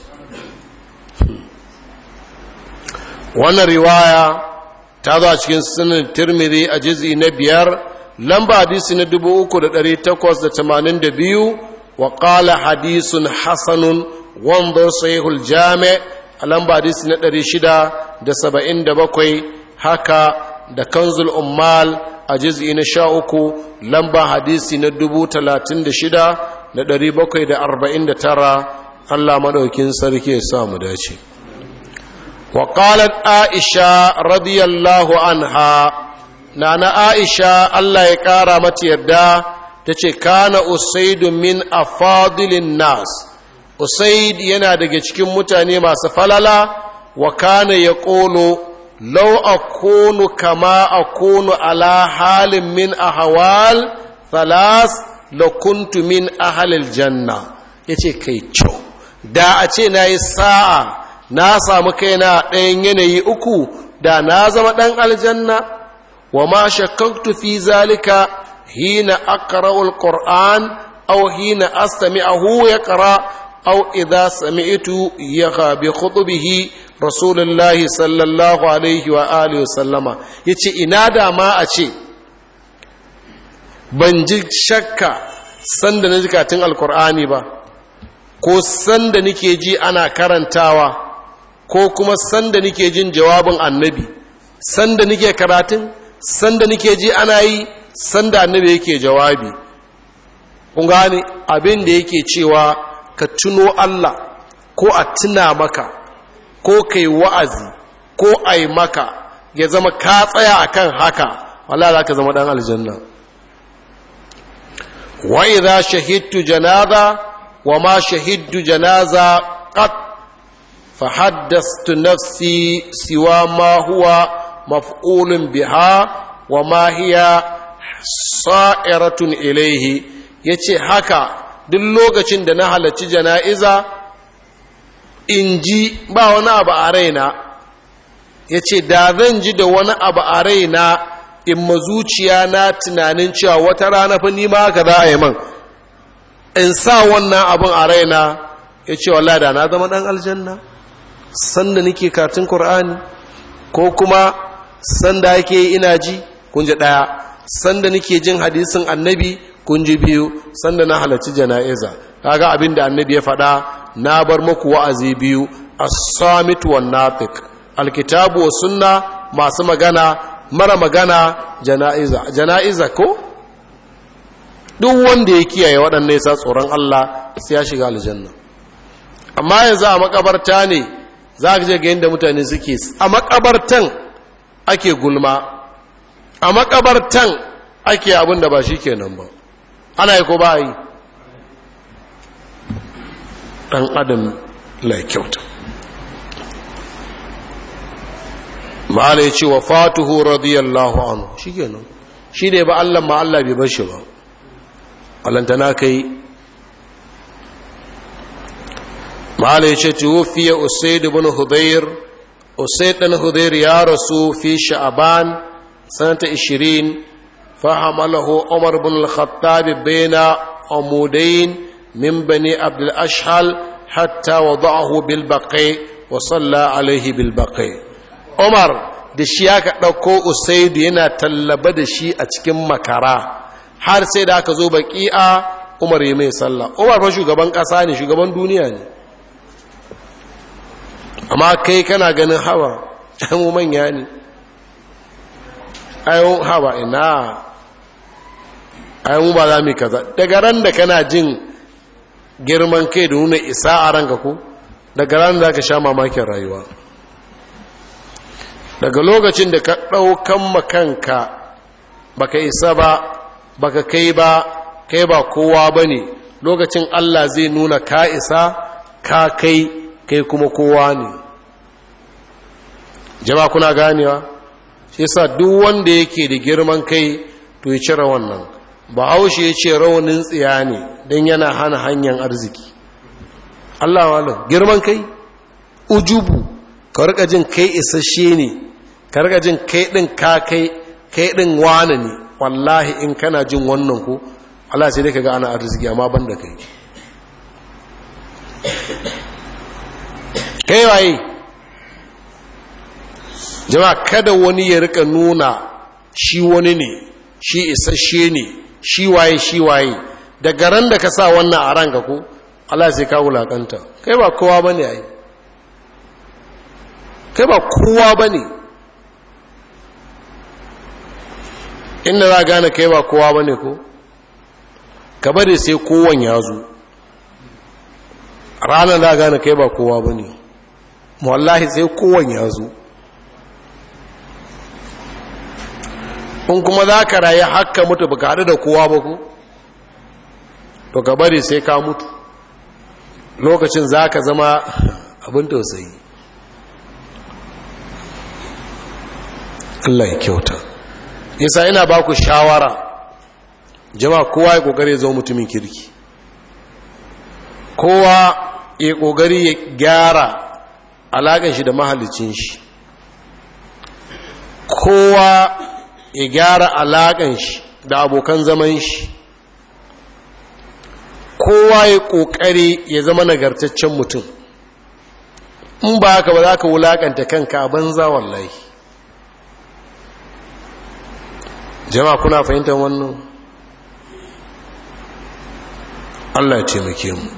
wannan riwaya ta zo a cikin sunan tirmiri a jizi na biyar lamba hadisi na 3882 wa kala hadisun hasanun sai hul jami' a lamba hadisi na 677 haka da kanzul ummal a jiz'i na sha uku lamba hadisi na da shida tara, allah maɗaukin sarki ya sa mu dace wa ƙalar aisha radiyallahu anha na na aisha allah ya ƙara mata yarda ta ce kana usaidu min a fadilin nas usaid yana daga cikin mutane masu falala wa kana ya ƙolo lau a konu kama a konu ala halin min a hawal thalas la min ahalil janna ya ce kai kyau. da a ce na yi sa'a na samu kaina ɗayan yanayi uku da na zama ɗan aljanna wa ma shakkaktu fi zalika hina aqra'ul qur'an aw hina astami'ahu yaqra' أو إذا سمعت يغى بخطبه رسول الله صلى الله عليه وآله وسلم يتي إنادا ما أتي بنجي شكا سند نجكا تن القرآن با ko sanda nike ji ana karantawa ko kuma sanda nike jin jawabin annabi sanda nike karatun sanda nike ji ana yi sanda annabi yake jawabi kun gane abin da yake cewa ka tuno Allah ko a tuna maka ko kai wa'azi ko ai maka ya zama ka tsaya akan haka Wala za ka zama ɗan aljanna wa idza shahidtu janaza wa ma shahidtu janaza qat fa haddastu nafsi siwa ma huwa maf'ulun biha wa ma hiya sa'iratun ilayhi yace haka duk lokacin da na halarci jana'iza in ji ba wani abu a raina ya ce da zan ji da wani abu a raina in mazuciya na tunanin cewa wata rana fa nima haka za a yi man in sa wannan abin a raina ya ce wala da na zama ɗan aljanna sanda nake katin Kur'ani, ko kuma sanda ake ina ji kunje ɗaya sanda nake jin hadisin annabi kun ji biyu sanda na halarci jana'iza kaga abin da annabi ya faɗa na bar muku wa'azi biyu as-samit wan natiq alkitabu wa sunna masu magana mara magana jana'iza jana'iza ko duk wanda ya kiyaye waɗannan yasa tsoron Allah sai ya shiga aljanna amma yanzu a makabarta ne za ka je ga yadda mutane suke a makabartan ake gulma a makabartan ake abin da ba shi kenan ba ana yi ko ba yi ɗan adam lai kyauta ma'ala ya ce wa fatuhu radiyallahu anhu shi kenan shi ne ba allah ma allah bai bar shi ba alantana kai ma'ala ya ce tuwofiya usaid ibn hudayr usaid ibn hudayr ya rasu fi sha'aban sanata 20 فحمله عمر بن الخطاب بين عمودين من بني عبد الأشحل حتى وضعه بالبقي وصلى عليه بالبقي عمر da shi ya ɗauko usaidu yana tallaba da shi a cikin makara har sai da aka zo baƙi umar yi mai sallah umar fa shugaban ƙasa ne shugaban duniya ne amma kai kana ganin hawa mu manya ne ayon hawa ina ai mu ba za mu kaza daga ran da kana jin girman kai da nuna isa a ranka ko daga ran za ka sha mamakin rayuwa daga lokacin da ka ɗaukan makanka baka isa ba baka kai ba kai ba kowa ba ne lokacin allah zai nuna ka isa ka kai kai kuma kowa ne jama kuna ganewa shi sa duk wanda yake da girman kai to yi cire wannan bahaushe ya ce raunin tsiya ne don yana hana hanyar arziki Allah wala girman kai ujubu ka jin kai isasshe ne ka kai din ka kai kai din wani ne wallahi in kana jin wannan ko Allah sai dai ka ga ana arziki amma ban da kai kai waye jama'a kada wani ya rika nuna shi wani ne shi isasshe ne shi waye shi waye daga ran da ka sa wannan a ranka ko Allah sai ka wulakanta kai ba kowa bane ai kai ba kowa bane inda za gane kai ba kowa bane ko ka bari sai kowan ya zo ranar za gane kai ba kowa bane wallahi sai kowan ya zo in kuma za ka rayu haka mutu ba ka da kowa ba ku to ka bari sai ka mutu lokacin za ka zama abin tausayi Allah ya kyauta yasa ina ba ku shawara jama'a kowa ya kokari zo mutumin kirki kowa ya kokari ya gyara alaƙanshi shi da mahallicin shi kowa ya gyara alaƙan shi da abokan zaman shi kowa ya ƙoƙari ya zama nagartaccen mutum in ba haka ba za ka wulaƙanta kanka a banza wallahi jama'a kuna fahimtar wannan allah muke mu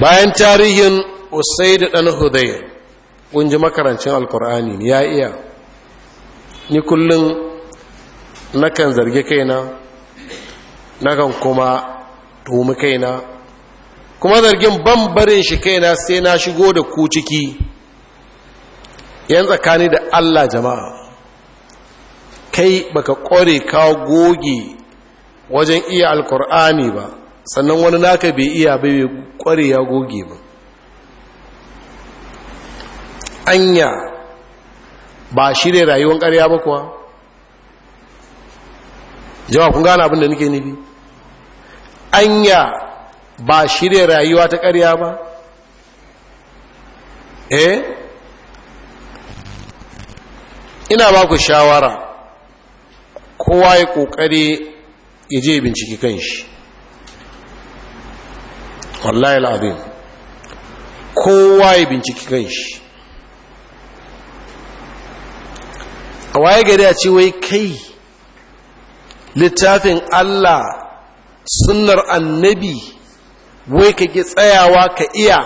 bayan tarihin usai da ɗan hudayar ƙunji makarancin alkur'ani ya iya ni kullum nakan zargi kaina nakan kuma tuhumi kaina kuma zargin ban barin shi kaina sai na shigo da ku ciki yan tsakani da Allah jama'a kai baka kore ka goge wajen iya alkur'ani ba sannan wani naka bai iya bai kware ya goge ba anya ba shi ne rayuwar ƙarya ba kuwa jama kun gane abin da nake nufi anya ba shi ne rayuwa ta karya ba eh ina ba ku shawara kowa ya ƙoƙari ya je binciki kan shi wallahi al'adun kowa ya binciki kan shi waye gari a ce wai kai littafin Allah sunnar annabi wai ka tsayawa ka iya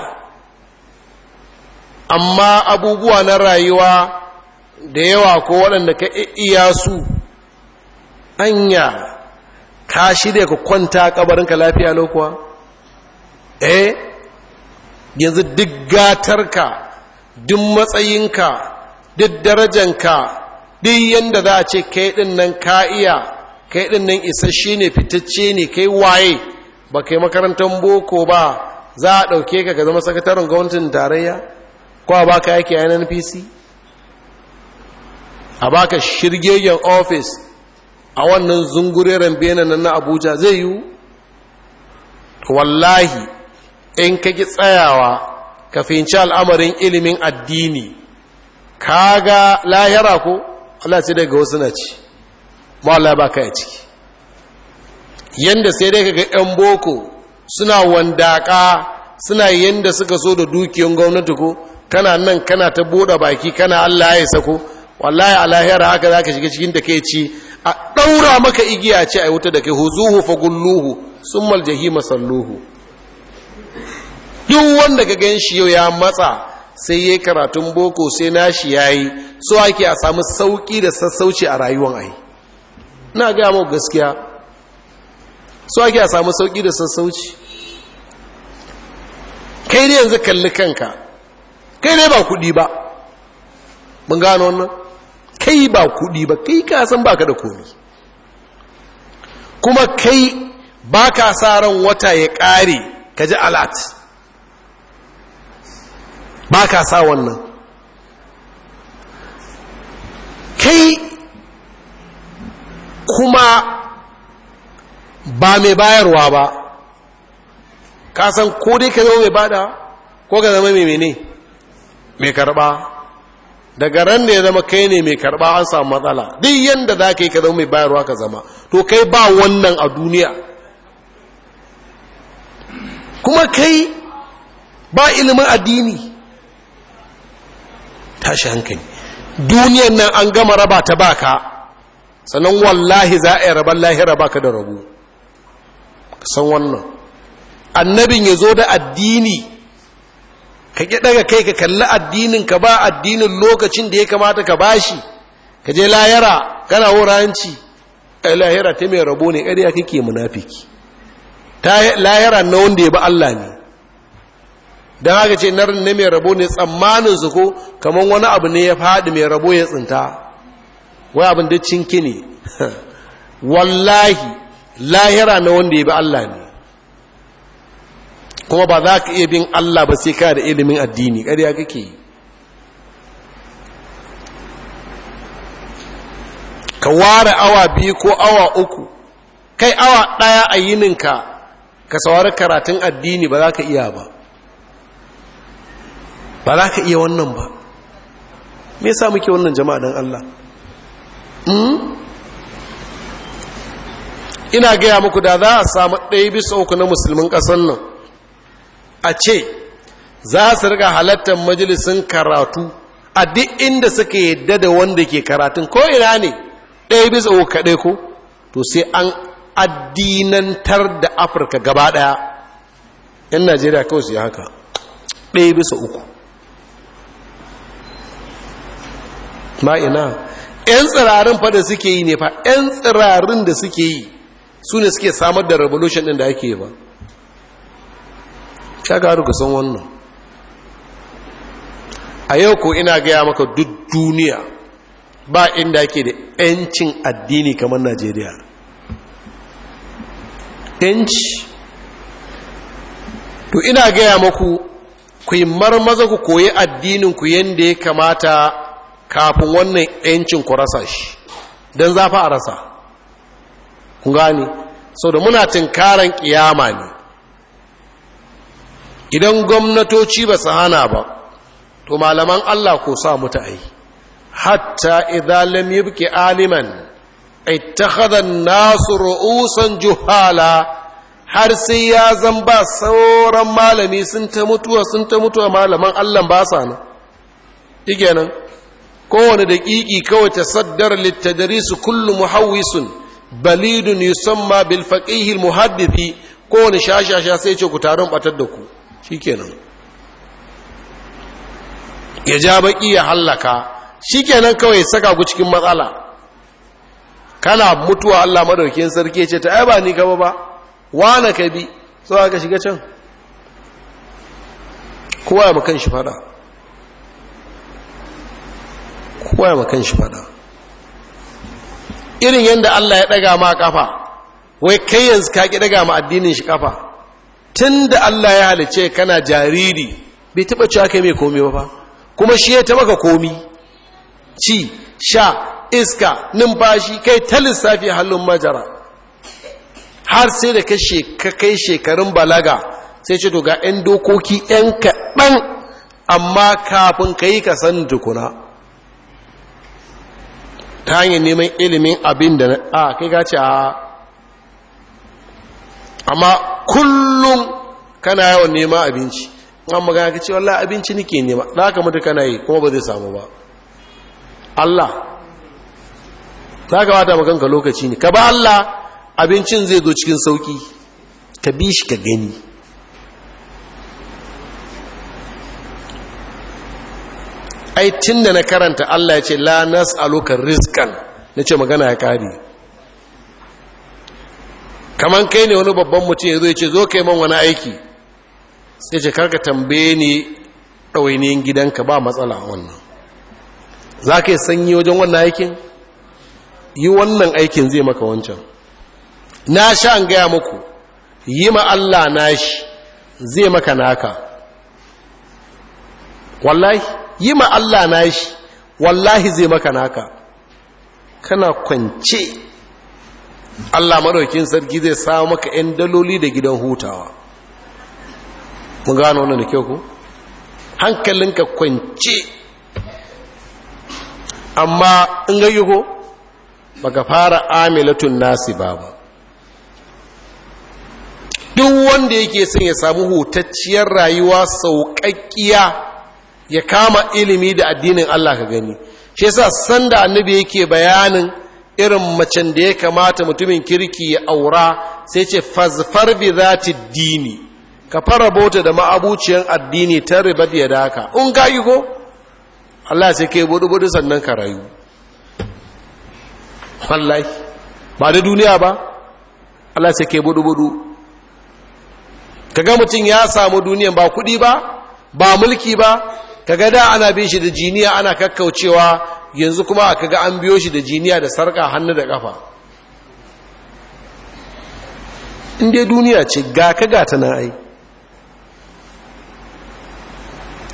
amma abubuwa na rayuwa da yawa ko waɗanda ka iya su anya ka shirya ka kwanta kabarinka lafiya lokuwa eh yanzu duk gatarka duk matsayinka duk darajanka duk yadda za a ce kai din nan ka iya kai din nan isasshe ne fitacce ne kai waye ba kai makarantar boko ba za a ɗauke ka ka zama sakataren gwamnatin tarayya ko a ka yake a NPC a ba ka shirgegen ofis a wannan zungureren benin nan na Abuja zai yiwu wallahi in ka ki tsayawa ka fahimci al'amarin ilimin addini ka ga lahira ko Allah sai dai ga wasu na ci ma Allah ba kai ciki yanda sai dai kaga ɗan boko suna wandaka suna yanda suka so da dukiyar gwamnati ko kana nan kana ta bude baki kana Allah ya sako wallahi a lahira haka zaka shiga cikin da kai ci a daura maka igiya ce ai wuta da kai huzuhu fa gulluhu summal jahima salluhu duk wanda ka gan shi yau ya matsa sai ya karatun boko sai nashi yayi so ake a samu sauki da sassauci a rayuwar ai na ga mu gaskiya so ake a samu sauki da sassauci kai ne yanzu kalli kanka kai ne ba kudi ba mun gano wannan kai ba kudi ba kai ka san baka da komi kuma kai baka sa ran wata ya kare ka ji alat ba ka sa wannan kai kuma ba mai bayarwa ba ka san ko dai ka zama mai bada ko ka zama mai mene mai karba daga ran da ya zama kai ne mai karba an samu matsala duk yadda za ka yi ka zama mai bayarwa ka zama to kai ba wannan a duniya kuma kai ba ilimin addini tashi hankali duniyan nan an gama raba ta baka sanan wallahi za a yi raban lahira baka da rabu san wannan annabin ya zo da addini ka ƙi ɗaga kai ka kalli addinin ka ba addinin lokacin da ya kamata ka bashi ka je layara. kana wuranci lahira ta mai rabo ne ƙarya kake munafiki ta layara na wanda ya ba Allah ne don haka ce na mai rabo ne tsammanin su ko kamar wani abu ne ya faɗi mai rabo ya tsinta wai abin da cinki ne wallahi lahira na wanda ya bi Allah ne kuma ba za ka iya bin Allah ba sai ka da ilimin addini ƙarya kake yi ka ware awa biyu ko awa uku kai awa ɗaya a yininka ka saurari karatun addini ba za ka iya ba ba za ka iya wannan ba me sa muke wannan jama'a don Allah hmm? ina gaya muku da za a samu ɗaya bisa uku na musulmin ƙasar nan a ce za su riga halattar majalisun karatu a duk inda suka yadda da wanda ke karatun ko ina ne ɗaya bisa uku kaɗai ko to sai an addinantar da afirka gaba ɗaya 'yan najeriya kawai su yi haka ɗaya bisa uku ma ina yan tsirarin fa da suke yi ne fa yan tsirarin da suke yi su ne suke samar da revolution din da ake yi ba ya gari ga san wannan a yau ko ina gaya maka duk duniya ba inda ake da yancin addini kamar najeriya yanci to ina gaya maku ku yi marmaza ku koyi addinin ku yadda ya kamata kafin wannan yancin ku rasa shi don za a rasa ku gani? sau da muna tunkaran kiyama ne idan gwamnatoci ba su hana ba to malaman Allah ko sa mutu a yi hatta yi buke aliman ta an-nasu ru'usan juhala har sai ya zan ba sauran malami sun ta mutuwa sun ta mutuwa malaman Allah ba sa na nan kowane daƙiƙi kawai ta saddar littadarisu kullu muhawwisun balidun yusamma bil faqihil muhaddithi kowane shashasha sai ce ku taron batar da ku shikenan ya ja baki ya hallaka shikenan kawai saka ku cikin matsala kana mutuwa Allah madaukakin sarki ce ta ai ba ni kama ba wana ka bi so aka shiga can kowa ya makan shi fada kowa ya makan shi fada irin yadda Allah ya ɗaga ma kafa wai kai yanzu ka ɗaga daga ma addinin shi kafa tun da Allah ya halice kana jariri bai taba cewa kai mai komi ba kuma shi ya taba ka komi ci sha iska numfashi kai ta lissafi hannun majara har sai da ka kai shekarun balaga sai ce to ga 'yan dokoki 'yan kaɗan amma kafin ka yi ka san dukuna ta hanyar neman ilimin abin da a kai gace a amma kullum kana yawan neman abinci an magana ka ce wallah abinci nike nema da aka mutu kana yi kuma ba zai samu ba Allah za ka wata makanka lokaci ne ka ba Allah abincin zai zo cikin sauki ka bi shi ka gani ai tun da na karanta Allah ya ce la nas'aluka rizqan ce magana ya kare Kamar kai ne wani babban mutum ya zo ya ce zo kai man wani aiki sai ce karka tambaye ni ɗawainiyin gidanka ba matsala wannan za ka yi sanyi wajen wannan aikin yi wannan aikin zai maka wancan na sha an gaya muku yi ma Allah na shi zai maka naka wallahi yi ma Allah nashi wallahi zai maka naka kana kwance Allah madaukin sarki zai samu maka 'yan daloli da gidan hutawa mun gano wannan da kyau ku hankalinka kwance amma in gayi ko baka fara amilatun nasi ba ba duk wanda yake son ya samu hutacciyar rayuwa sauƙaƙƙiya ya kama ilimi da addinin Allah ka gani shi yasa sanda annabi yake bayanin irin macen da ya kamata mutumin kirki ya aura sai ce fazfar bi zati dini ka fara bota da ma'abuciyar addini ta ribat ya daka in ka yi ko Allah sai ke budu budu sannan ka rayu wallahi ba da duniya ba Allah sai ke budu budu kaga mutum ya samu duniyan ba kudi ba ba mulki ba kaga da ana bin shi da jiniya ana kakkaucewa yanzu kuma ga an biyo shi da jiniya da sarka hannu da kafa in duniya ce ga ka ta na ai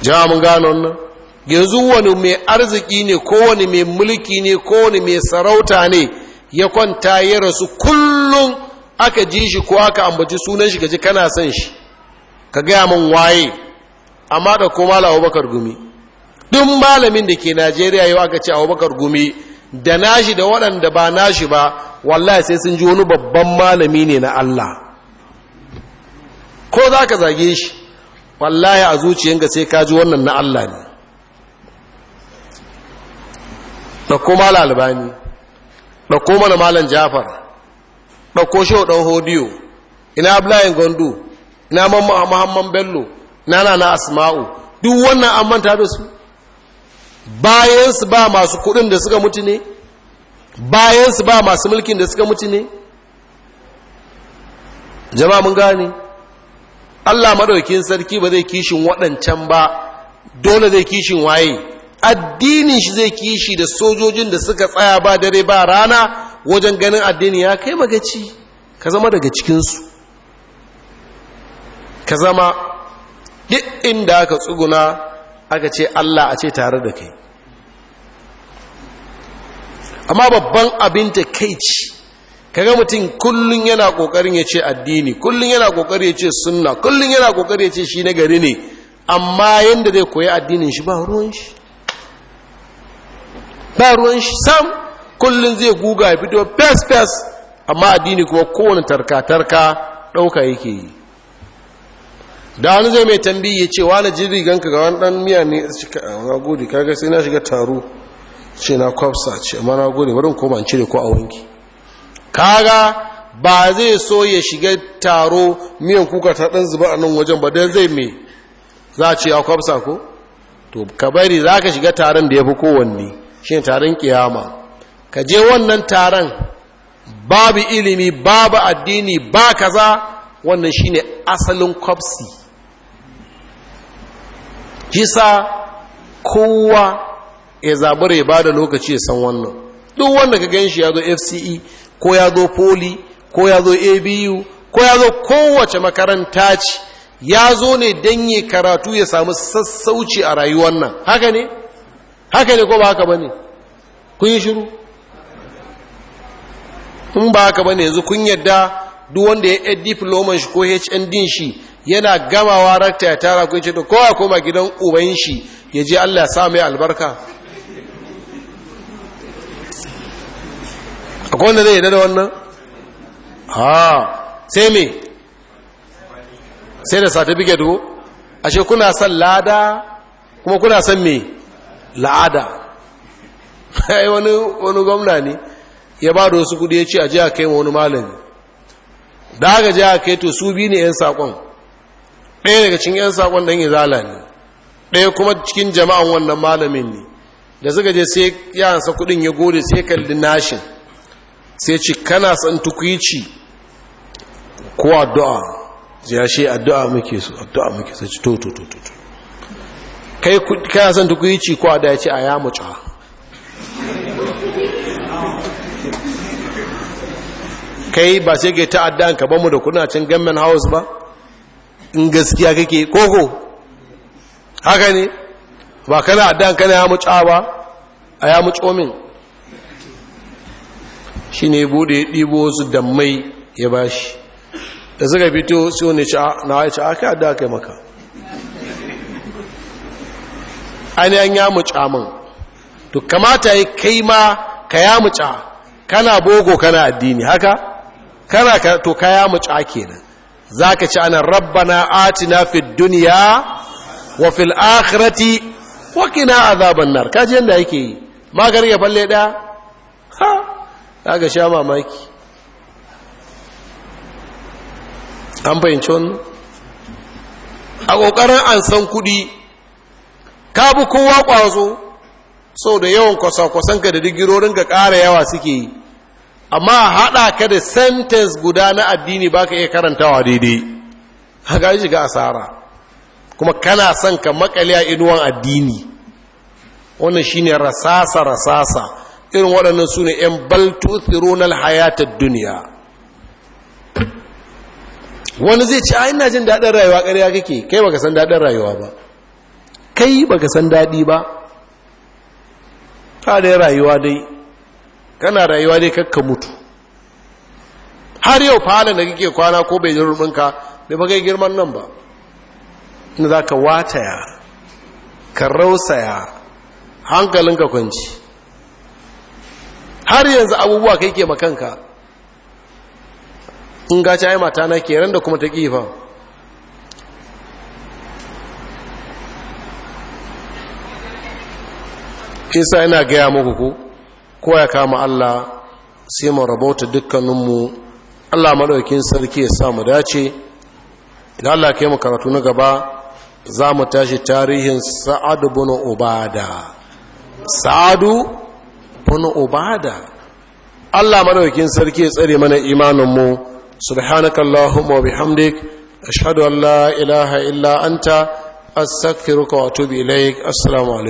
jama'a mun gano yanzu wani mai arziki ne kowane mai mulki ne kowane mai sarauta ne ya kwanta ya rasu kullum aka ji shi ko aka ambaci sunan shi gaji kana son shi ka gaya min waye amma da ko malam abubakar gumi duk malamin da ke najeriya yau aka ce abubakar gumi da nashi da waɗanda ba nashi ba wallahi sai sun ji wani babban malami ne na allah ko za ka zage shi wallahi a zuciyanka sai ka ji wannan na allah ne ɗauko malam albani ɗauko mana malam jafar ɗauko shi ɗan hodiyo ina ablayin gondo ina mahamman bello nana na asma'u duk wannan an manta da su bayansu ba masu kudin da suka mutu ne bayansu ba masu mulkin da suka mutu ne jama'a mun gane allah maɗaukin sarki ba zai kishin waɗancan ba dole zai kishin waye addinin shi zai kishi da sojojin da suka tsaya ba dare ba rana wajen ganin addini ya kai magaci ka zama daga cikinsu ka zama duk inda aka tsuguna aka ce Allah a ce tare da kai amma babban abin ta kai ci kaga mutum kullum yana kokarin ya ce addini kullum yana kokarin ya ce sunna kullum yana kokarin ya ce shi na gari ne amma yadda zai koyi addinin shi ba ruwan shi ba ruwan shi sam kullum zai guga ya fito fes fes amma addini kuma kowane tarka tarka ɗauka yake yi da wani zai mai tambi ya ce wani jirgin ganka ga wani dan miya ne a na kaga sai na shiga taro ce na kwafsa ce amma na gode wurin koma an cire ko a wanki kaga ba zai so ya shiga taro miyan kuka ta dan zuba a nan wajen ba dan zai mai za a ce a kwafsa ko to ka bari za ka shiga taron da ya fi kowanne shi taron kiyama ka je wannan taron babu ilimi babu addini ba kaza wannan shine asalin kwafsi kisa kowa ya zaɓi ya ba da lokaci ya san wannan duk wanda ka gan shi ya zo fce ko ya zo poli ko ya zo abu ko ya zo kowace makaranta ce ya zo ne don yi karatu ya samu sassauci a rayuwar nan haka ne haka ne ko ba haka ba ne kun yi shiru in ba haka ba ne yanzu kun yadda duk wanda ya yi diploman shi ko hnd shi yana gamawa rakta ya tara ku ce kowa koma gidan uban shi ya je Allah ya sa mai albarka akwai wanda zai yadda da wannan ha sai me sai da certificate do. ashe kuna son lada kuma kuna son me la'ada ai wani wani gwamna ne ya ba da wasu kudi ya ce a ji a kai wani malami da aka jiya a kai to su bi ne 'yan saƙon ɗaya daga cikin 'yan sakon ɗan izala ne ɗaya kuma cikin jama'an wannan malamin ne da suka je sai yaransa kuɗin ya gode sai kalli nashin sai ci kana san tukwici ko addu'a ya shi addu'a muke su addu'a muke sai to to to to kai kana san tukwici ko addu'a ya ce a ya muca kai ba sai ta ta'addan ka ba mu da kuna cin gammen house ba in gaskiya kake koko haka ne ba kana addan kana ya muca ba a ya muco min shi ne bude ya ɗibo su da mai ya ba shi da suka fito su ne na haici aka yadda aka yi maka yi ya muca min to kamata ya kai ma ka ya muca kana bogo kana addini haka kana to ka ya muca kenan za ka ci ana rabbana atina fi duniya wa fil akhirati wa kina azaban nar ji yanda yake yi magar ya falle da ha daga sha mamaki an bayyance wannan a kokarin an san kudi ka bi kowa kwazo sau da yawan kwasa-kwasanka da digirorin ka ƙara yawa suke yi amma haɗa ka da sentence guda na addini ba ka iya karantawa daidai haka shiga asara kuma kana son ka makale a inuwan addini wannan shi ne rasasa rasasa irin waɗannan su ne ‘yan baltuthirunal hayatar duniya wani zai ci a ina jin daɗin rayuwa ƙarya kake kai baka san daɗin rayuwa ba kai baka san daɗi ba ta dai rayuwa dai kana rayuwa ne kakka mutu har yau falon da kake kwana ko bai jirubinka bai bagai girman nan ba inda za ka wataya ka rausaya hankalinka kwanci har yanzu abubuwa kai ke makanka in gaci ai mata na ran da kuma ta kifa isa yana gaya muku ko ko ya kama Allah sai mu rabota dukkaninmu Allah madaukakin sarki ya sa mu dace idan Allah kai mu karatu na gaba za mu tashi tarihin sa'adu bin ubada sa'adu bin ubada Allah madaukakin sarki ya tsare mana imaninmu subhanakallahumma wa bihamdik ashhadu an la ilaha illa anta astaghfiruka wa atubu ilaik assalamu alaikum